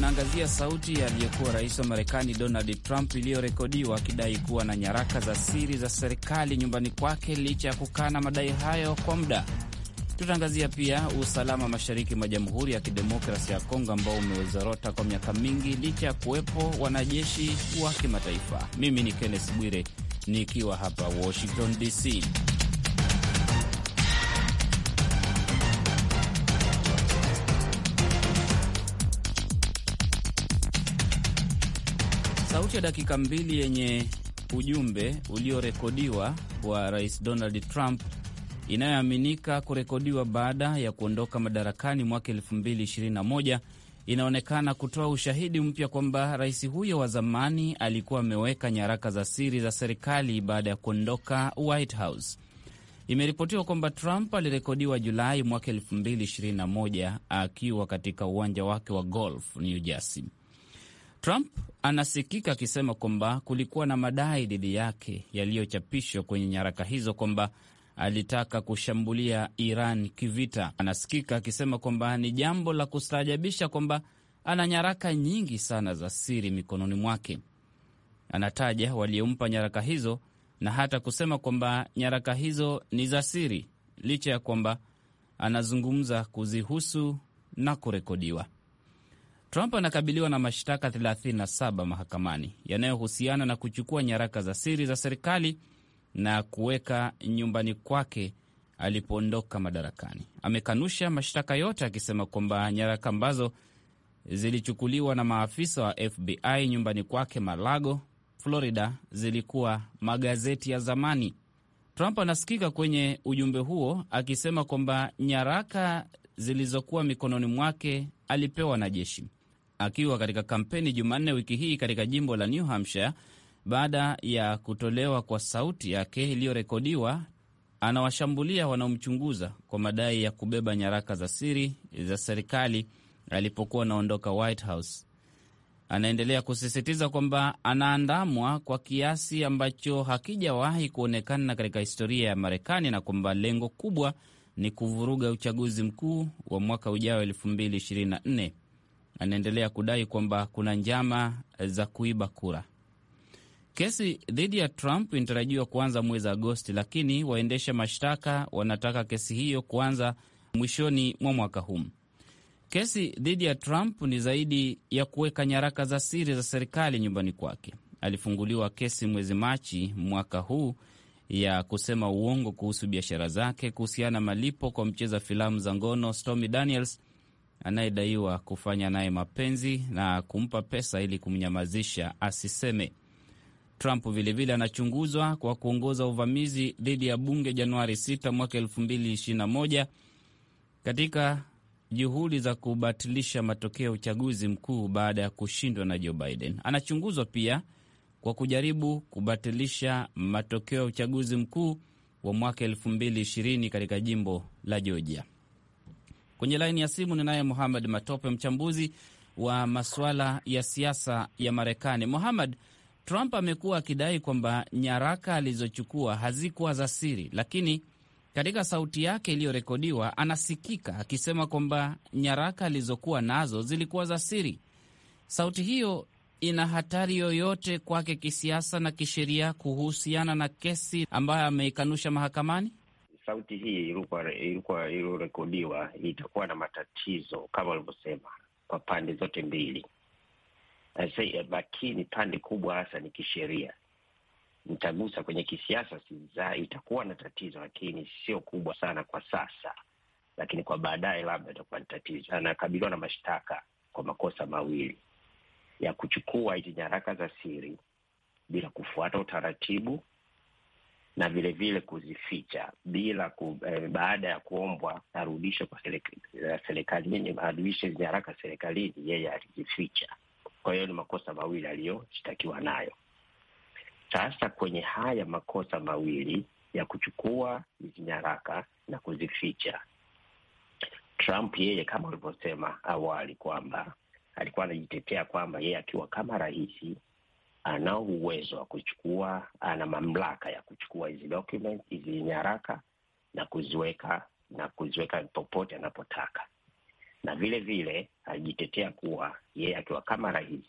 tunaangazia sauti ya aliyekuwa rais wa Marekani Donald Trump iliyorekodiwa akidai kuwa na nyaraka za siri za serikali nyumbani kwake licha ya kukana madai hayo kwa muda. Tutaangazia pia usalama mashariki mwa Jamhuri ya Kidemokrasia ya Kongo ambao umezorota kwa miaka mingi licha ya kuwepo wanajeshi wa kimataifa. Mimi ni Kenneth Bwire nikiwa hapa Washington DC. Sauti ya dakika mbili yenye ujumbe uliorekodiwa wa Rais Donald Trump inayoaminika kurekodiwa baada ya kuondoka madarakani mwaka 2021 inaonekana kutoa ushahidi mpya kwamba rais huyo wa zamani alikuwa ameweka nyaraka za siri za serikali baada ya kuondoka White House. Imeripotiwa kwamba Trump alirekodiwa Julai mwaka 2021 akiwa katika uwanja wake wa golf New Jersey. Trump anasikika akisema kwamba kulikuwa na madai dhidi yake yaliyochapishwa kwenye nyaraka hizo kwamba alitaka kushambulia Iran kivita. Anasikika akisema kwamba ni jambo la kustaajabisha kwamba ana nyaraka nyingi sana za siri mikononi mwake. Anataja waliompa nyaraka hizo na hata kusema kwamba nyaraka hizo ni za siri, licha ya kwamba anazungumza kuzihusu na kurekodiwa. Trump anakabiliwa na mashtaka 37 mahakamani yanayohusiana na kuchukua nyaraka za siri za serikali na kuweka nyumbani kwake alipoondoka madarakani. Amekanusha mashtaka yote akisema kwamba nyaraka ambazo zilichukuliwa na maafisa wa FBI nyumbani kwake Malago, Florida, zilikuwa magazeti ya zamani. Trump anasikika kwenye ujumbe huo akisema kwamba nyaraka zilizokuwa mikononi mwake alipewa na jeshi akiwa katika kampeni Jumanne wiki hii katika jimbo la New Hampshire baada ya kutolewa kwa sauti yake iliyorekodiwa anawashambulia wanaomchunguza kwa madai ya kubeba nyaraka za siri za serikali alipokuwa anaondoka White House. Anaendelea kusisitiza kwamba anaandamwa kwa kiasi ambacho hakijawahi kuonekana katika historia ya Marekani na kwamba lengo kubwa ni kuvuruga uchaguzi mkuu wa mwaka ujao 2024 anaendelea kudai kwamba kuna njama za kuiba kura. Kesi dhidi ya Trump inatarajiwa kuanza mwezi Agosti, lakini waendesha mashtaka wanataka kesi hiyo kuanza mwishoni mwa mwaka huu. Kesi dhidi ya Trump ni zaidi ya kuweka nyaraka za siri za serikali nyumbani kwake. Alifunguliwa kesi mwezi Machi mwaka huu ya kusema uongo kuhusu biashara zake kuhusiana malipo kwa mcheza filamu za ngono Stormy Daniels anayedaiwa kufanya naye mapenzi na kumpa pesa ili kumnyamazisha asiseme. Trump vilevile anachunguzwa kwa kuongoza uvamizi dhidi ya bunge Januari 6 mwaka 2021 katika juhudi za kubatilisha matokeo ya uchaguzi mkuu baada ya kushindwa na Joe Biden. Anachunguzwa pia kwa kujaribu kubatilisha matokeo ya uchaguzi mkuu wa mwaka 2020 katika jimbo la Georgia. Kwenye laini ya simu ninaye muhamad Matope, mchambuzi wa masuala ya siasa ya Marekani. Muhamad, Trump amekuwa akidai kwamba nyaraka alizochukua hazikuwa za siri, lakini katika sauti yake iliyorekodiwa anasikika akisema kwamba nyaraka alizokuwa nazo zilikuwa za siri. Sauti hiyo ina hatari yoyote kwake kisiasa na kisheria kuhusiana na kesi ambayo ameikanusha mahakamani? sauti hii ilikuwa ilikuwa iliyorekodiwa itakuwa na matatizo kama walivyosema kwa pande zote mbili, lakini pande kubwa hasa ni kisheria. Nitagusa kwenye kisiasa, siza itakuwa na tatizo, lakini sio kubwa sana kwa sasa, lakini kwa baadaye labda itakuwa ni tatizo. Anakabiliwa na mashtaka kwa makosa mawili ya kuchukua hizi nyaraka za siri bila kufuata utaratibu na vilevile kuzificha bila ku, eh, baada ya kuombwa arudishwe kwa eh, serikalini, arudishe hizi nyaraka serikalini, yeye alizificha. Kwa hiyo ni makosa mawili aliyoshtakiwa nayo. Sasa kwenye haya makosa mawili ya kuchukua hizi nyaraka na kuzificha, Trump yeye kama ulivyosema awali kwamba alikuwa anajitetea kwamba yeye akiwa kama rahisi anao uwezo wa kuchukua, ana mamlaka ya kuchukua hizi document, hizi nyaraka na kuziweka na kuziweka popote anapotaka, na vile vile alijitetea kuwa yeye akiwa kama rais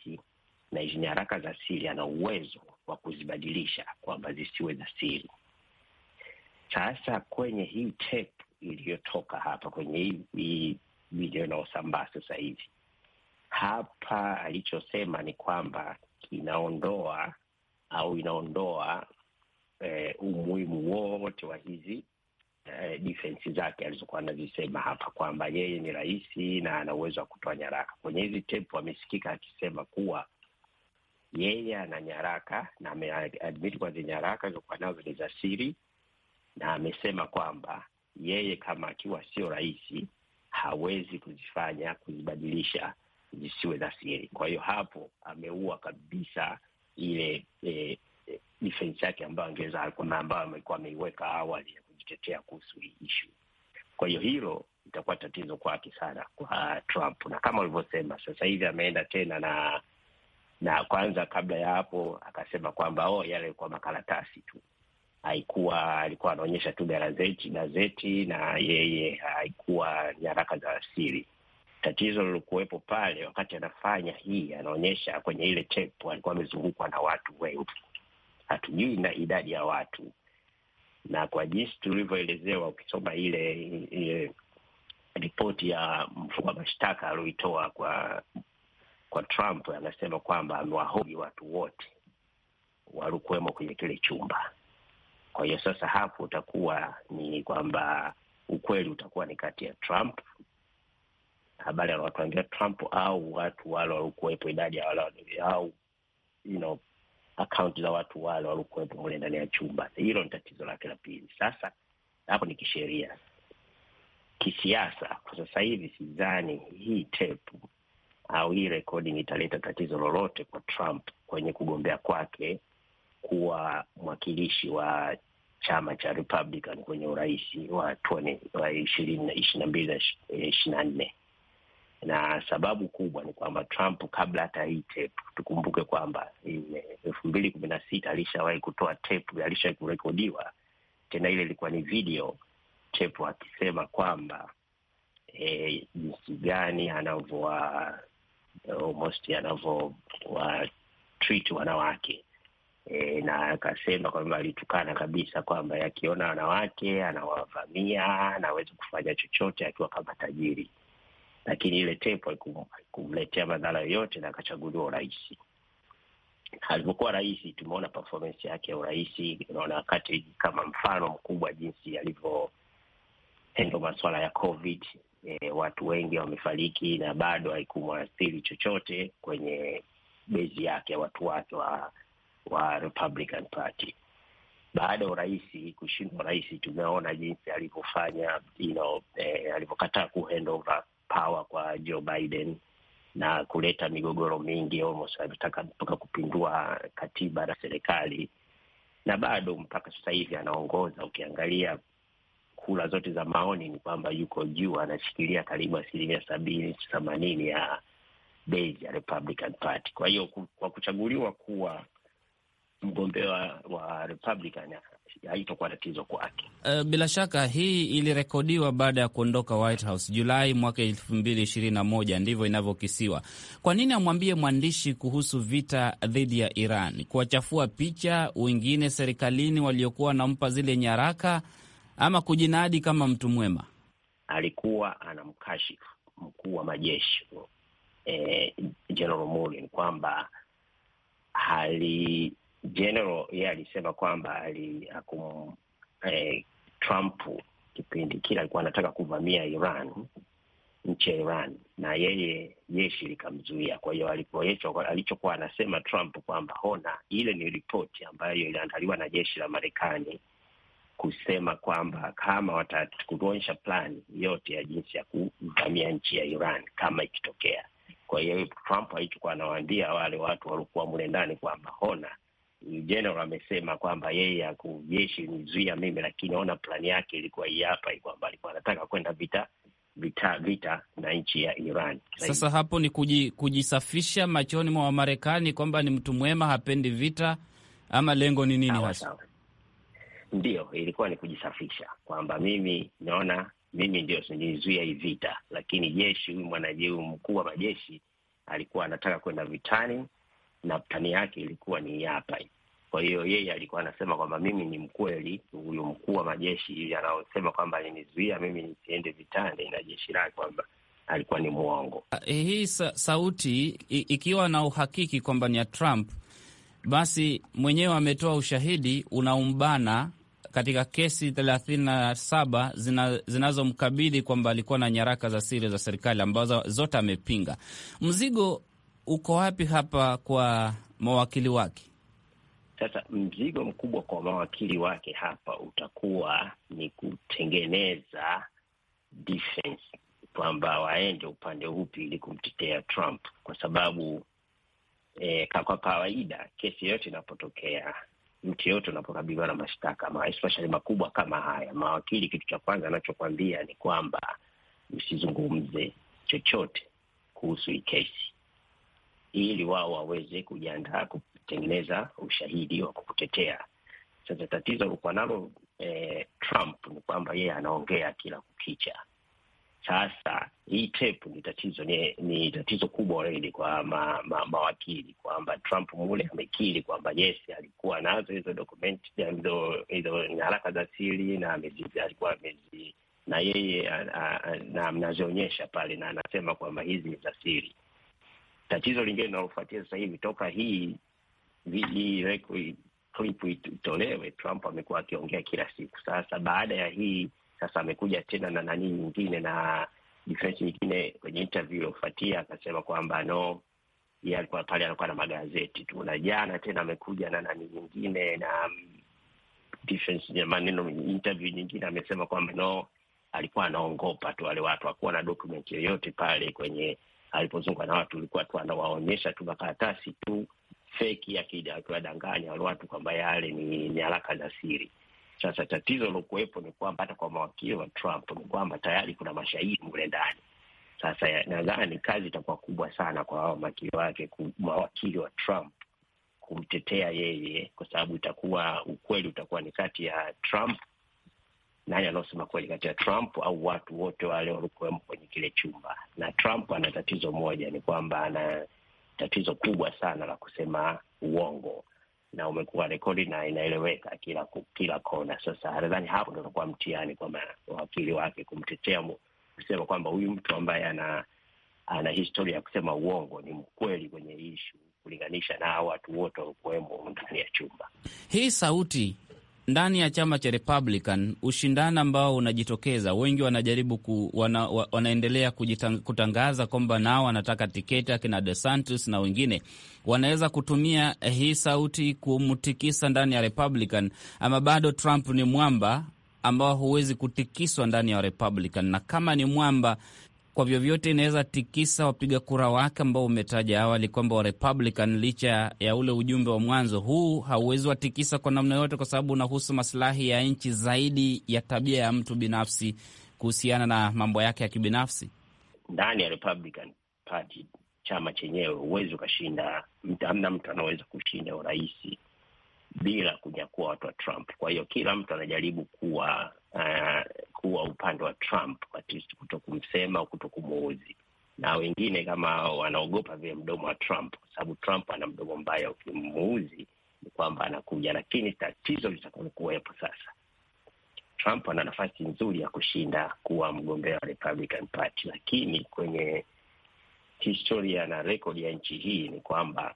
na hizi nyaraka za siri ana uwezo wa kuzibadilisha kwamba zisiwe za siri. Sasa kwenye hii tape iliyotoka hapa kwenye hii, hii video inayosambaa sasa hivi hapa, alichosema ni kwamba inaondoa au inaondoa eh, umuhimu wote wa hizi eh, zake alizokuwa anazisema hapa kwamba yeye ni rais na ana uwezo wa kutoa nyaraka. Kwenye hizi tepu amesikika akisema kuwa yeye ana nyaraka na ameadmiti kwa zi nyaraka alizokuwa nazo ni za siri, na amesema kwamba yeye kama akiwa sio rais hawezi kuzifanya kuzibadilisha zisiwe za siri. Kwa hiyo hapo ameua kabisa ile e, e, defense yake ambayo angeweza ambayo amekuwa ameiweka awali ya kujitetea kuhusu hii ishu. Kwa hiyo hilo itakuwa tatizo kwake sana kwa Trump, na kama ulivyosema sasa hivi ameenda tena na na kwanza, kabla ya hapo akasema kwamba oh, yale ilikuwa makaratasi tu, haikuwa alikuwa anaonyesha tu gazeti gazeti, na yeye haikuwa nyaraka za asiri tatizo lilokuwepo pale wakati anafanya hii, anaonyesha kwenye ile tepu alikuwa amezungukwa na watu wengi, hatujui na idadi ya watu, na kwa jinsi tulivyoelezewa, ukisoma ile, ile ripoti ya mfunga mashtaka alioitoa kwa kwa Trump, anasema kwamba amewahoji watu wote waliokuwemo kwenye kile chumba. Kwa hiyo sasa hapo utakuwa ni kwamba ukweli utakuwa ni kati ya Trump habari aliwatuangia Trump au watu wale waliokuwepo, idadi ya wale au you know, akaunti za watu wale waliokuwepo mule ndani ya chumba. Hilo ni tatizo lake la pili. Sasa hapo ni kisheria, kisiasa. Kwa sasa hivi sidhani hii tape au hii recording italeta tatizo lolote kwa Trump kwenye kugombea kwake kuwa mwakilishi wa chama cha Republican kwenye urais wa ishirini na mbili na ishirini na nne na sababu kubwa ni kwamba Trump kabla hata hii tape, tukumbuke kwamba elfu mbili kumi na sita alishawahi kutoa tape, alishawahi kurekodiwa tena, ile ilikuwa ni video tape akisema kwamba e, jinsi gani anavyowa almost wanawake e, na akasema kwamba alitukana kabisa kwamba akiona wanawake anawavamia, anaweza kufanya chochote akiwa kama tajiri lakini ile tepo haikumletea madhara yoyote na akachaguliwa urais. Alivyokuwa rais, tumeona performance yake ya urais, unaona wakati kama mfano mkubwa jinsi alivyoendo masuala ya COVID. E, watu wengi wamefariki na bado haikumwathiri chochote kwenye bezi yake watu wake wa, wa Republican Party. Baada ya urais kushindwa urais, tumeona jinsi alivyofanya you know, e, alivyokataa kuhandover power kwa Joe Biden na kuleta migogoro mingi, almost alitaka mpaka kupindua katiba na serikali, na bado mpaka sasa hivi anaongoza. Ukiangalia kura zote za maoni ni kwamba yuko juu, anashikilia karibu asilimia sabini themanini ya base ya Republican Party. Kwa hiyo kwa kuchaguliwa kuwa mgombea wa Republican haitokuwa tatizo kwake. Uh, bila shaka hii ilirekodiwa baada ya kuondoka White House Julai mwaka elfu mbili ishirini na moja, ndivyo inavyokisiwa. Kwa nini amwambie mwandishi kuhusu vita dhidi ya Iran? Kuwachafua picha wengine serikalini waliokuwa wanampa zile nyaraka, ama kujinadi kama mtu mwema? Alikuwa anamkashifu mkuu wa majeshi eh, General Mullen kwamba hali General yeye alisema kwamba ali akum, eh, Trump kipindi kile alikuwa anataka kuvamia Iran, nchi ya Iran, na yeye jeshi likamzuia. Kwa hiyo alipoachwa, alichokuwa anasema Trump kwamba hona, ile ni ripoti ambayo iliandaliwa na jeshi la Marekani kusema kwamba kama watakuonyesha plani yote ya jinsi ya kuvamia nchi ya Iran kama ikitokea. Kwa hiyo Trump alichokuwa anawaambia wale watu waliokuwa mle ndani kwamba hona general amesema kwamba yeye akujeshi nizuia mimi, lakini naona plani yake ilikuwa hii hapa, kwamba alikuwa anataka kwenda vita vita vita na nchi ya Iran. Sasa hapo ni kuji, kujisafisha machoni mwa Wamarekani kwamba ni mtu mwema, hapendi vita, ama lengo ni nini hasa? Ndiyo, ilikuwa ni kujisafisha kwamba mimi naona mimi ndio sinizuia hii vita, lakini jeshi, huyu mwanajeu mkuu wa majeshi alikuwa anataka kwenda vitani na plani yake ilikuwa ni hapa hii. Kwa hiyo yeye alikuwa anasema kwamba mimi ni mkweli, huyu mkuu wa majeshi ili anaosema kwamba alinizuia mimi nisiende vitani na jeshi lake kwamba alikuwa ni mwongo. Ah, eh, hii sa sauti ikiwa na uhakiki kwamba ni ya Trump, basi mwenyewe ametoa ushahidi unaumbana katika kesi thelathini na saba zina, zinazomkabili kwamba alikuwa na nyaraka za siri za serikali ambazo zote amepinga. Mzigo uko wapi hapa kwa mawakili wake? Sasa mzigo mkubwa kwa mawakili wake hapa utakuwa ni kutengeneza defense kwamba waende upande upi ili kumtetea Trump, kwa sababu eh, kwa kawaida kesi yoyote inapotokea, mtu yoyote unapokabiliwa na mashtaka especially makubwa kama haya, mawakili kitu cha kwanza anachokwambia ni kwamba msizungumze chochote kuhusu hii kesi ili wao waweze kujiandaa kutengeneza ushahidi wa kukutetea. Sasa tatizo alikuwa nalo eh, Trump ni kwamba yeye anaongea kila kukicha. Sasa hii tape ni tatizo ni, ni tatizo kubwa zaidi kwa ma, ma, mawakili kwamba Trump mule amekiri kwamba yes alikuwa nazo hizo dokumenti hizo nyaraka za siri na alikuwa amezi na yeye na mnazionyesha pale na anasema kwamba hizi ni za siri. Tatizo lingine linalofuatia sasa hivi toka hii iwekwe klipu itolewe. Trump amekuwa akiongea kila siku sasa. Baada ya hii sasa amekuja tena na nani nyingine na difensi nyingine kwenye interview iliyofuatia akasema kwamba no, yeye alikuwa pale anakuwa na magazeti tu, na jana tena amekuja na nani nyingine na um, defense ya maneno, interview nyingine amesema kwamba no, alikuwa anaongopa tu wale watu, hakuwa na document yoyote pale kwenye alipozungwa na watu, ulikuwa tu anawaonyesha tu makaratasi tu feki akida, akiwadanganya wale watu kwamba yale ni nyaraka za siri. Sasa tatizo lilokuwepo ni kwamba hata kwa mawakili wa Trump ni kwamba tayari kuna mashahidi mule ndani. Sasa nadhani kazi itakuwa kubwa sana kwa hao mawakili wake, mawakili wa Trump kumtetea yeye, kwa sababu itakuwa ukweli utakuwa ni kati ya Trump, nani anaosema kweli kati ya Trump au watu wote wale walikuwemo kwenye kile chumba. Na Trump ana tatizo moja, ni kwamba ana tatizo kubwa sana la kusema uongo na umekuwa rekodi na inaeleweka kila kila kona. Sasa nadhani hapo ndo utakuwa mtihani kwa wakili wake kumtetea, kusema kwamba huyu mtu ambaye ana ana historia ya kusema uongo ni mkweli kwenye ishu kulinganisha na watu wote walikuwemo ndani ya chumba. Hii sauti ndani ya chama cha Republican, ushindani ambao unajitokeza, wengi wanajaribu ku, wana, wanaendelea kujitang, kutangaza kwamba nao wanataka tiketi. Akina DeSantis na wengine wanaweza kutumia eh, hii sauti kumtikisa ndani ya Republican, ama bado Trump ni mwamba ambao huwezi kutikiswa ndani ya Republican, na kama ni mwamba kwa vyovyote inaweza tikisa wapiga kura wake ambao umetaja awali kwamba wa Republican, licha ya ule ujumbe wa mwanzo, huu hauwezi watikisa kwa namna yote, kwa sababu unahusu masilahi ya nchi zaidi ya tabia ya mtu binafsi kuhusiana na mambo yake ya kibinafsi ndani ya Republican Party, chama chenyewe. Huwezi ukashinda, hamna mtu anaweza kushinda urahisi bila kunyakua watu wa Trump. Kwa hiyo kila mtu anajaribu kuwa uh, kuwa upande wa Trump, at least kuto kumsema au kuto kumuuzi, na wengine kama wanaogopa vile mdomo wa Trump, kwa sababu Trump ana mdomo mbaya, ukimuuzi ni kwamba anakuja. Lakini tatizo litakalokuwepo sasa, Trump ana nafasi nzuri ya kushinda kuwa mgombea wa Republican Party, lakini kwenye historia na rekodi ya nchi hii ni kwamba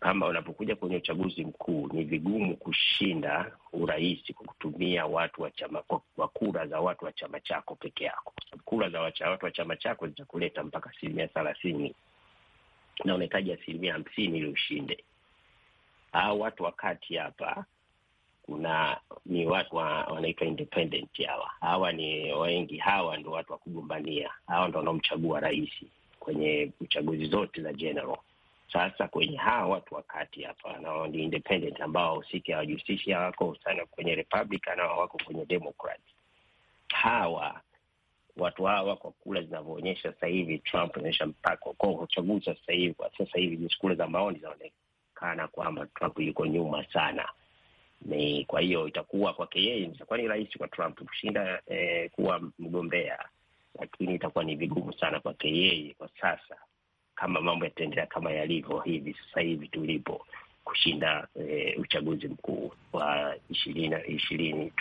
kama unapokuja kwenye uchaguzi mkuu ni vigumu kushinda urais kwa kutumia watu wa chama, kwa kura za watu wa chama chako peke yako. Kura za watu wa chama chako zitakuleta mpaka asilimia thelathini na unahitaji asilimia hamsini ili ushinde. Au watu wa kati hapa kuna ni watu wa, wanaitwa independent hawa hawa ni wengi, hawa ndo watu wa kugombania, hawa ndo wanaomchagua rais kwenye uchaguzi zote za general sasa kwenye hawa watu wakati hapa na ni independent ambao wahusiki hawajihusishi, hawako sana kwenye Republican na wako kwenye Democrat. Hawa watu hawa kwa kula zinavyoonyesha sasa hivi, Trump anaonyesha mpaka kwa uchaguzi sasa hivi. Kwa sasa hivi jinsi za maoni zinaonekana kwamba Trump yuko nyuma sana ni kwa hiyo itakuwa kwake yeye itakuwa ni rahisi kwa Trump kushinda eh, kuwa mgombea, lakini itakuwa ni vigumu sana kwake yeye kwa sasa kama mambo yataendelea kama yalivyo hivi sasa hivi tulipo kushinda e, uchaguzi mkuu wa ishirini ishirini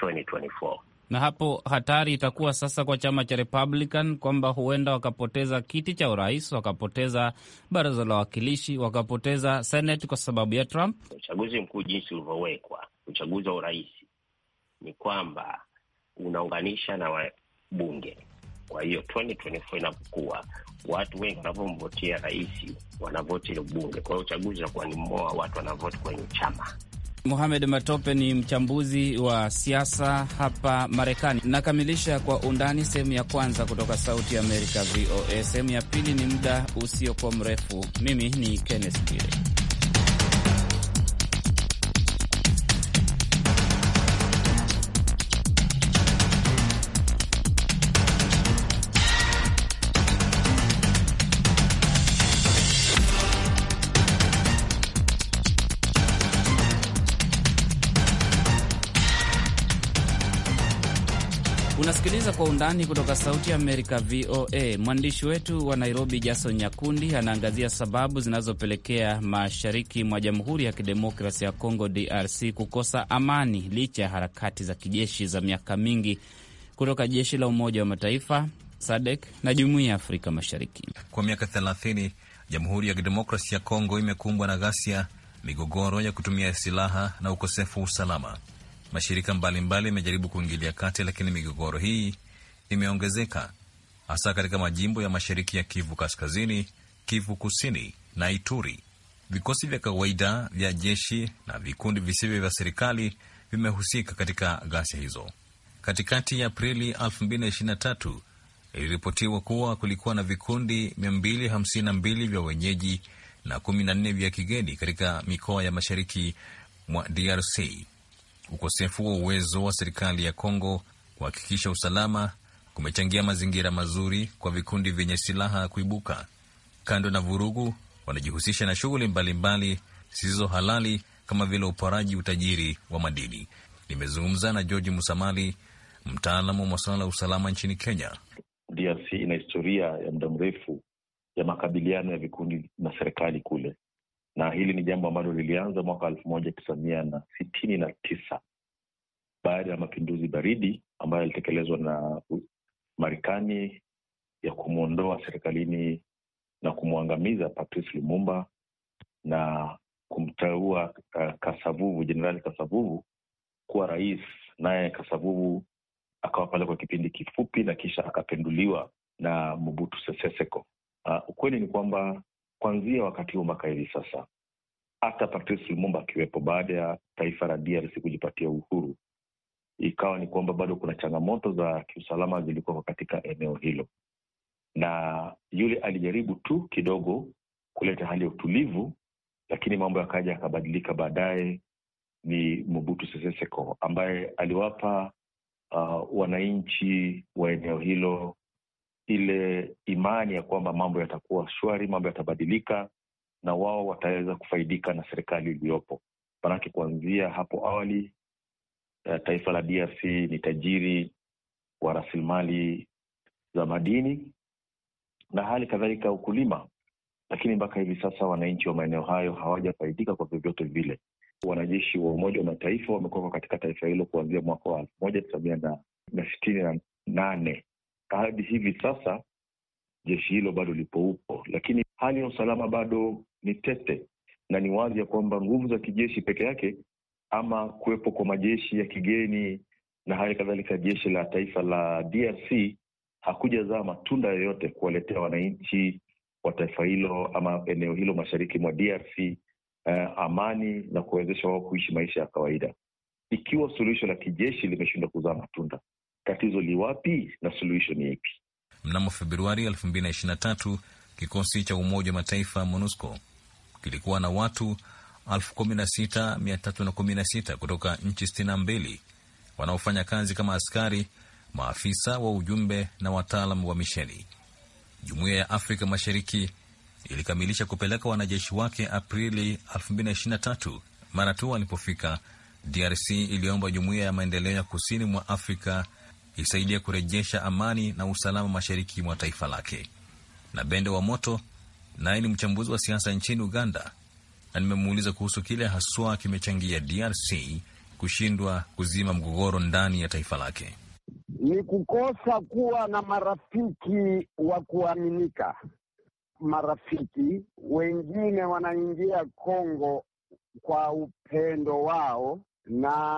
na hapo hatari itakuwa sasa kwa chama cha Republican kwamba huenda wakapoteza kiti cha urais, wakapoteza baraza la wawakilishi, wakapoteza Senate kwa sababu ya Trump. Uchaguzi mkuu jinsi ulivyowekwa, uchaguzi wa urais ni kwamba unaunganisha na wabunge kwa hiyo 2024 inapokuwa watu wengi wanavyomvotia rais wanavoti ile bunge, kwa hiyo uchaguzi unakuwa ni mmoa, watu wanavoti kwenye chama. Mohamed Matope ni mchambuzi wa siasa hapa Marekani. Nakamilisha kwa undani sehemu ya kwanza kutoka Sauti ya Amerika VOA. Sehemu ya pili ni muda usiokuwa mrefu. Mimi ni Kenneth Bwire. Unasikiliza kwa undani kutoka Sauti ya Amerika, VOA. Mwandishi wetu wa Nairobi, Jason Nyakundi, anaangazia sababu zinazopelekea mashariki mwa Jamhuri ya Kidemokrasi ya congo DRC, kukosa amani licha ya harakati za kijeshi za miaka mingi kutoka jeshi la Umoja wa Mataifa, SADEK na Jumuiya ya Afrika Mashariki. Kwa miaka 30 Jamhuri ya Kidemokrasi ya congo imekumbwa na ghasia, migogoro ya kutumia silaha na ukosefu wa usalama. Mashirika mbalimbali yamejaribu kuingilia kati, lakini migogoro hii imeongezeka hasa katika majimbo ya mashariki ya Kivu Kaskazini, Kivu Kusini na Ituri. Vikosi vya kawaida vya jeshi na vikundi visivyo vya serikali vimehusika katika ghasia hizo. Katikati ya Aprili 2023 iliripotiwa kuwa kulikuwa na vikundi 252 vya wenyeji na 14 vya kigeni katika mikoa ya mashariki mwa DRC. Ukosefu wa uwezo wa serikali ya Kongo kuhakikisha usalama kumechangia mazingira mazuri kwa vikundi vyenye silaha kuibuka. Kando na vurugu, wanajihusisha na shughuli mbalimbali zisizo halali kama vile uporaji, utajiri wa madini. Nimezungumza na George Musamali, mtaalamu wa masuala ya usalama nchini Kenya. DRC ina historia ya muda mrefu ya makabiliano ya vikundi na serikali kule, na hili ni jambo ambalo lilianza mwaka elfu moja tisa mia na sitini na tisa baada ya mapinduzi baridi ambayo yalitekelezwa na Marekani ya kumwondoa serikalini na kumwangamiza Patrice Lumumba na kumteua uh, eh, Kasavuvu, Jenerali Kasavuvu kuwa rais, naye Kasavuvu akawa pale kwa kipindi kifupi na kisha akapenduliwa na Mobutu Sese Seko. Uh, ukweli ni kwamba kuanzia wakati huu mpaka hivi sasa, hata Patrice Lumumba akiwepo, baada ya taifa la DRC kujipatia uhuru, ikawa ni kwamba bado kuna changamoto za kiusalama zilikuwa katika eneo hilo, na yule alijaribu tu kidogo kuleta hali ya utulivu, lakini mambo yakaja yakabadilika. Baadaye ni Mobutu Sese Seko ambaye aliwapa uh, wananchi wa eneo hilo ile imani ya kwamba mambo yatakuwa shwari, mambo yatabadilika na wao wataweza kufaidika na serikali iliyopo. Maanake kuanzia hapo awali eh, taifa la DRC ni tajiri wa rasilimali za madini na hali kadhalika ukulima, lakini mpaka hivi sasa wananchi wa maeneo hayo hawajafaidika kwa vyovyote vile. Wanajeshi wa Umoja wa Mataifa wamekuwa katika taifa hilo kuanzia mwaka wa elfu moja tisa mia na sitini na nane hadi hivi sasa jeshi hilo bado lipo upo, lakini hali ya usalama bado ni tete, na ni wazi ya kwamba nguvu za kijeshi peke yake ama kuwepo kwa majeshi ya kigeni na hali kadhalika jeshi la taifa la DRC hakujazaa matunda yoyote kuwaletea wananchi wa taifa hilo ama eneo hilo mashariki mwa DRC eh, amani na kuwawezesha wao kuishi maisha ya kawaida. Ikiwa suluhisho la kijeshi limeshindwa kuzaa matunda, tatizo li wapi na suluhisho ni ipi. Mnamo Februari 2023 kikosi cha Umoja wa Mataifa MONUSCO kilikuwa na watu 16316 kutoka nchi 62 wanaofanya kazi kama askari, maafisa wa ujumbe na wataalam wa misheni. Jumuiya ya Afrika Mashariki ilikamilisha kupeleka wanajeshi wake Aprili 2023 mara tu walipofika DRC iliomba jumuiya ya maendeleo ya kusini mwa Afrika isaidia kurejesha amani na usalama mashariki mwa taifa lake. Na Bende wa Moto naye ni mchambuzi wa siasa nchini Uganda, na nimemuuliza kuhusu kile haswa kimechangia DRC kushindwa kuzima mgogoro ndani ya taifa lake. Ni kukosa kuwa na marafiki wa kuaminika. Marafiki wengine wanaingia Kongo kwa upendo wao na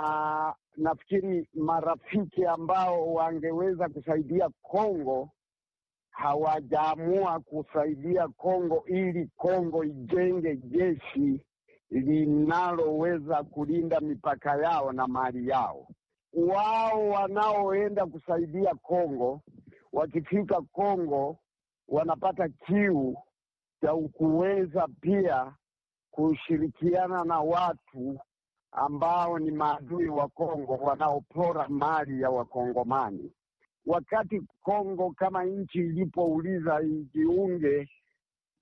nafikiri marafiki ambao wangeweza kusaidia Kongo hawajaamua kusaidia Kongo ili Kongo ijenge jeshi linaloweza kulinda mipaka yao na mali yao. Wao wanaoenda kusaidia Kongo wakifika Kongo wanapata kiu cha kuweza pia kushirikiana na watu ambao ni maadui wa Kongo wanaopora mali ya Wakongomani. Wakati Kongo kama nchi ilipouliza ijiunge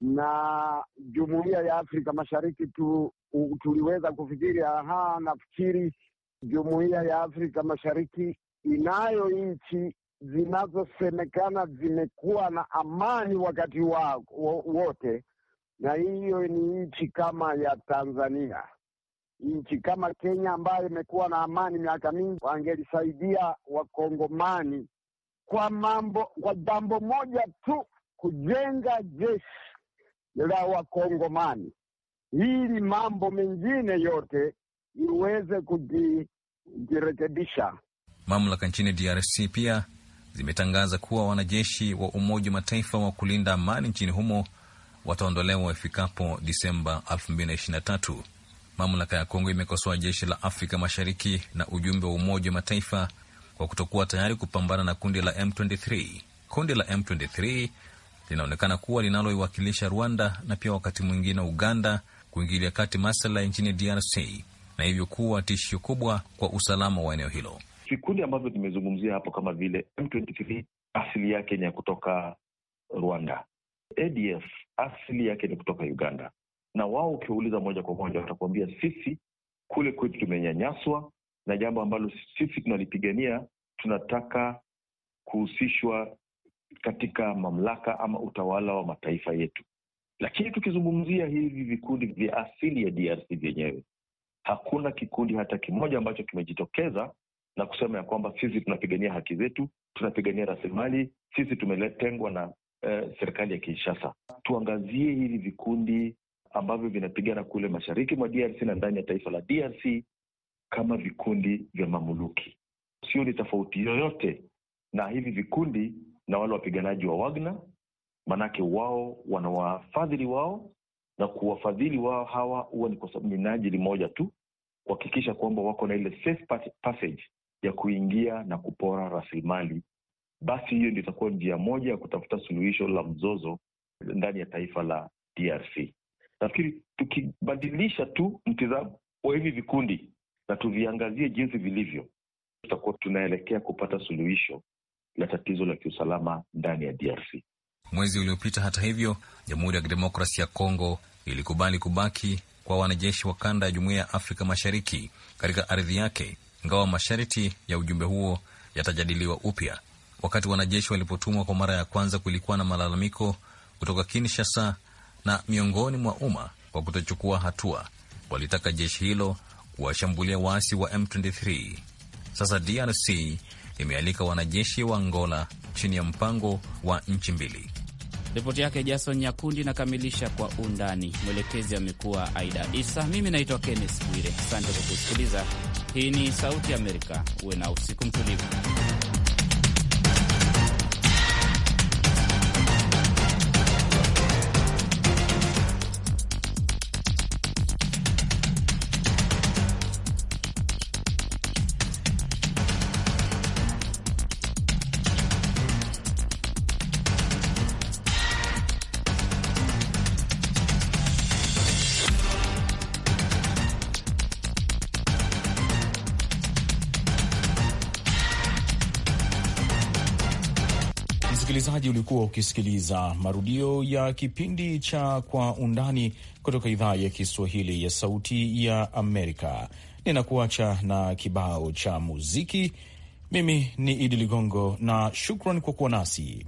na Jumuiya ya Afrika Mashariki tu, u, tuliweza kufikiri aha, nafikiri Jumuiya ya Afrika Mashariki inayo nchi zinazosemekana zimekuwa na amani wakati wa, wote na hiyo ni nchi kama ya Tanzania nchi kama Kenya ambayo imekuwa na amani miaka mingi, wangelisaidia Wakongomani kwa mambo, kwa jambo moja tu, kujenga jeshi la Wakongomani ili mambo mengine yote iweze kujirekebisha. Mamlaka nchini DRC pia zimetangaza kuwa wanajeshi wa Umoja wa Mataifa wa kulinda amani nchini humo wataondolewa ifikapo Disemba 2023. Mamlaka ya Kongo imekosoa jeshi la Afrika Mashariki na ujumbe wa Umoja wa Mataifa kwa kutokuwa tayari kupambana na kundi la M23. Kundi la M23 linaonekana kuwa linaloiwakilisha Rwanda na pia wakati mwingine Uganda kuingilia kati masala nchini DRC na hivyo kuwa tishio kubwa kwa usalama wa eneo hilo. Vikundi ambavyo tumezungumzia hapo kama vile M23 asili yake ni ya kutoka Rwanda, ADF asili yake ni kutoka Uganda na wao ukiuliza moja kwa moja watakuambia sisi kule kwetu tumenyanyaswa, na jambo ambalo sisi tunalipigania, tunataka kuhusishwa katika mamlaka ama utawala wa mataifa yetu. Lakini tukizungumzia hivi vikundi vya asili ya DRC vyenyewe, hakuna kikundi hata kimoja ambacho kimejitokeza na kusema ya kwamba sisi tunapigania haki zetu, tunapigania rasilimali, sisi tumetengwa na eh, serikali ya Kinshasa. Tuangazie hivi vikundi ambavyo vinapigana kule mashariki mwa DRC na ndani ya taifa la DRC kama vikundi vya mamuluki. sio ni tofauti yoyote na hivi vikundi na wale wapiganaji wa Wagner, maanake wao wanawafadhili wao na kuwafadhili wao hawa huwa ni kwa sababu minajili moja tu, kuhakikisha kwamba wako na ile safe passage ya kuingia na kupora rasilimali. Basi hiyo ndio itakuwa njia moja ya kutafuta suluhisho la mzozo ndani ya taifa la DRC. Nafikiri tukibadilisha tu mtizamo wa hivi vikundi na tuviangazie jinsi vilivyo, tutakuwa tunaelekea kupata suluhisho la tatizo la kiusalama ndani ya DRC. Mwezi uliopita, hata hivyo, Jamhuri ya Kidemokrasia ya Kongo ilikubali kubaki kwa wanajeshi wa kanda ya Jumuiya ya Afrika Mashariki katika ardhi yake, ingawa masharti ya ujumbe huo yatajadiliwa upya. Wakati wanajeshi walipotumwa kwa mara ya kwanza, kulikuwa na malalamiko kutoka Kinshasa na miongoni mwa umma kwa kutochukua hatua. Walitaka jeshi hilo kuwashambulia waasi wa M23. Sasa DRC imealika wanajeshi wa Angola chini ya mpango wa nchi mbili. Ripoti yake Jason Nyakundi inakamilisha kwa undani. Mwelekezi amekuwa Aida Isa. Mimi naitwa kennes Bwire, asante kwa kusikiliza. Hii ni Sauti Amerika. Uwe na usiku mtulivu. Msikilizaji, ulikuwa ukisikiliza marudio ya kipindi cha Kwa Undani kutoka idhaa ya Kiswahili ya Sauti ya Amerika. Ninakuacha na kibao cha muziki. Mimi ni Idi Ligongo na shukran kwa kuwa nasi.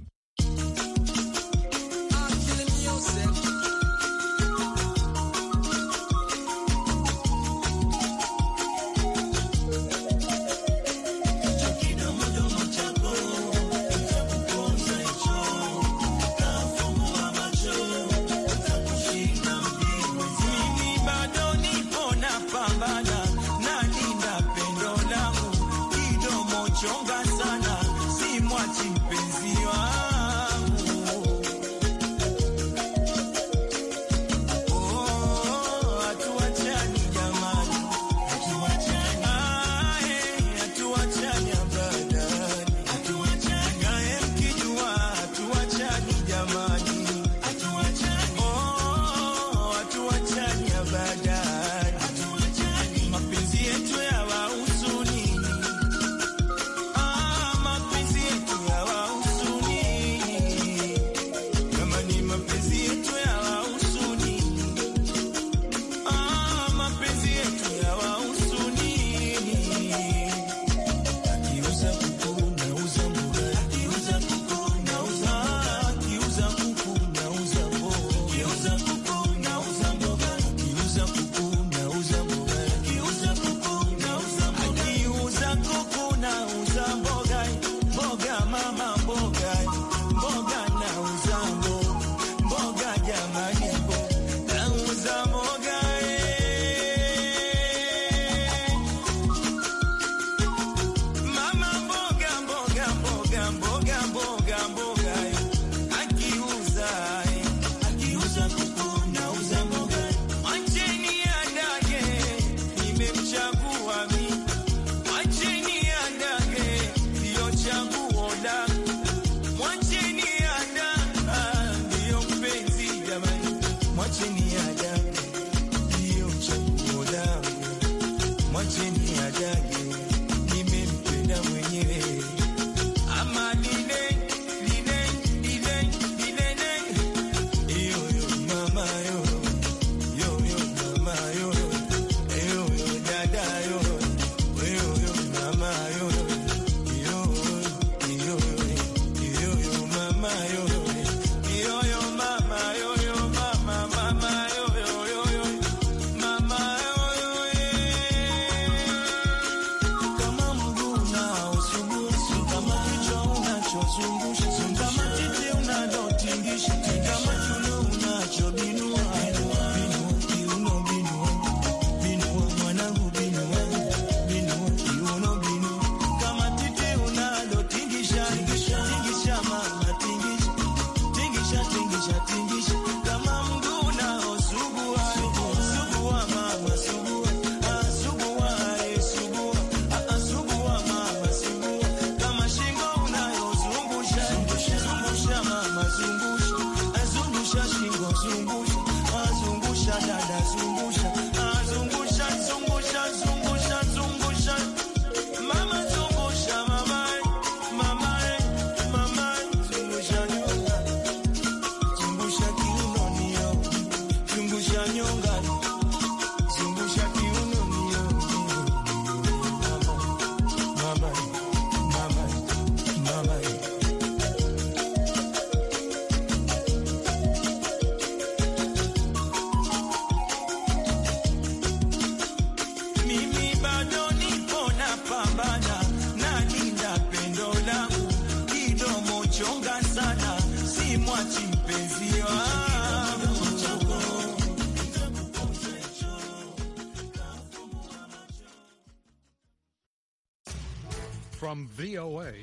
away.